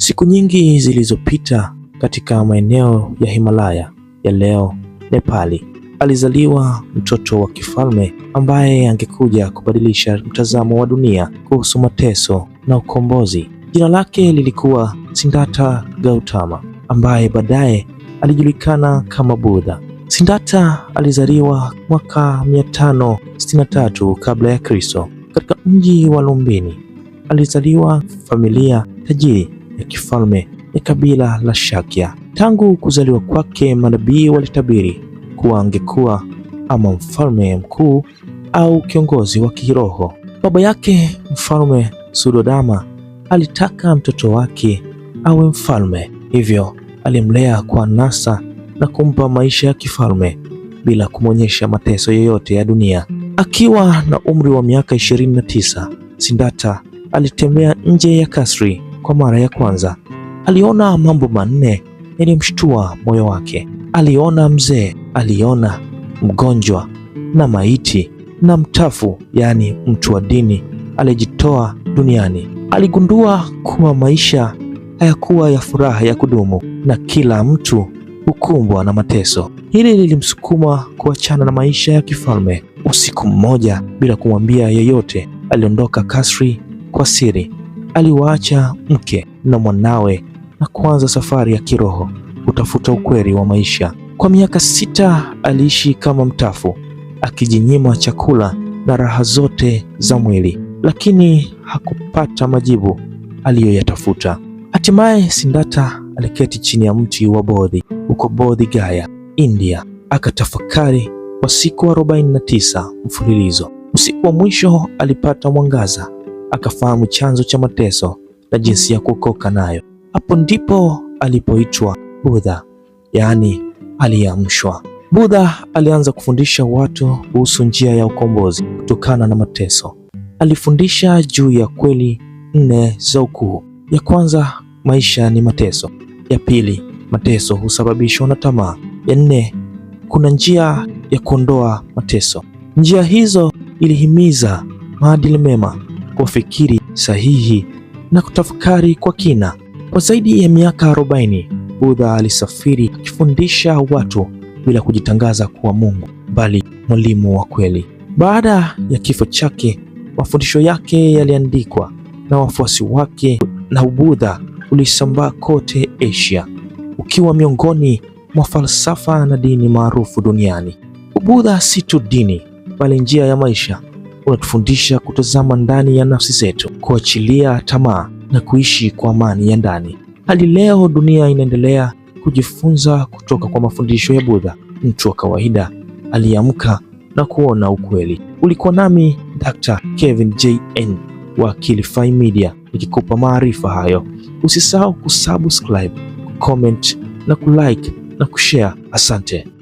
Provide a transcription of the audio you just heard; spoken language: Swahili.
Siku nyingi zilizopita katika maeneo ya Himalaya ya leo Nepali, alizaliwa mtoto wa kifalme ambaye angekuja kubadilisha mtazamo wa dunia kuhusu mateso na ukombozi. Jina lake lilikuwa Siddhartha Gautama ambaye baadaye alijulikana kama Buddha. Siddhartha alizaliwa mwaka 563 kabla ya Kristo katika mji wa Lumbini. Alizaliwa familia tajiri ya kifalme ya kabila la Shakya. Tangu kuzaliwa kwake, manabii walitabiri kuwa angekuwa ama mfalme mkuu au kiongozi wa kiroho. Baba yake Mfalme Sudodama alitaka mtoto wake awe mfalme, hivyo alimlea kwa nasa na kumpa maisha ya kifalme bila kumwonyesha mateso yoyote ya dunia. Akiwa na umri wa miaka 29, Sindata alitembea nje ya kasri kwa mara ya kwanza aliona mambo manne yaliyomshtua moyo wake. Aliona mzee, aliona mgonjwa na maiti na mtafu, yaani mtu wa dini aliyejitoa duniani. Aligundua kuwa maisha hayakuwa ya furaha ya kudumu na kila mtu hukumbwa na mateso. Hili lilimsukuma kuachana na maisha ya kifalme. Usiku mmoja, bila kumwambia yeyote, aliondoka kasri kwa siri aliwaacha mke na mwanawe na kuanza safari ya kiroho kutafuta ukweli wa maisha. Kwa miaka sita aliishi kama mtafu, akijinyima chakula na raha zote za mwili, lakini hakupata majibu aliyoyatafuta. Hatimaye Sindata aliketi chini ya mti wa Bodhi huko Bodhi Gaya, India, akatafakari kwa siku 49 mfululizo. Usiku wa mwisho alipata mwangaza akafahamu chanzo cha mateso na jinsi ya kuokoka nayo. Hapo ndipo alipoitwa Budha, yaani aliyeamshwa. Budha alianza kufundisha watu kuhusu njia ya ukombozi kutokana na mateso. Alifundisha juu ya kweli nne za ukuu. Ya kwanza, maisha ni mateso. Ya pili, mateso husababishwa na tamaa. Ya nne, kuna njia ya kuondoa mateso. Njia hizo ilihimiza maadili mema kufikiri sahihi na kutafakari kwa kina. Kwa zaidi ya miaka 40 Budha alisafiri akifundisha watu bila kujitangaza kuwa Mungu, bali mwalimu wa kweli. Baada ya kifo chake, mafundisho yake yaliandikwa na wafuasi wake na Ubudha ulisambaa kote Asia, ukiwa miongoni mwa falsafa na dini maarufu duniani. Ubudha si tu dini, bali njia ya maisha unatufundisha kutazama ndani ya nafsi zetu, kuachilia tamaa na kuishi kwa amani ya ndani. Hadi leo dunia inaendelea kujifunza kutoka kwa mafundisho ya Buddha, mtu wa kawaida aliyeamka na kuona ukweli. Ulikuwa nami Dr. Kevin JN wa Akilify Media nikikupa maarifa hayo. Usisahau kusubscribe, kucomment na kulike na kushare. Asante.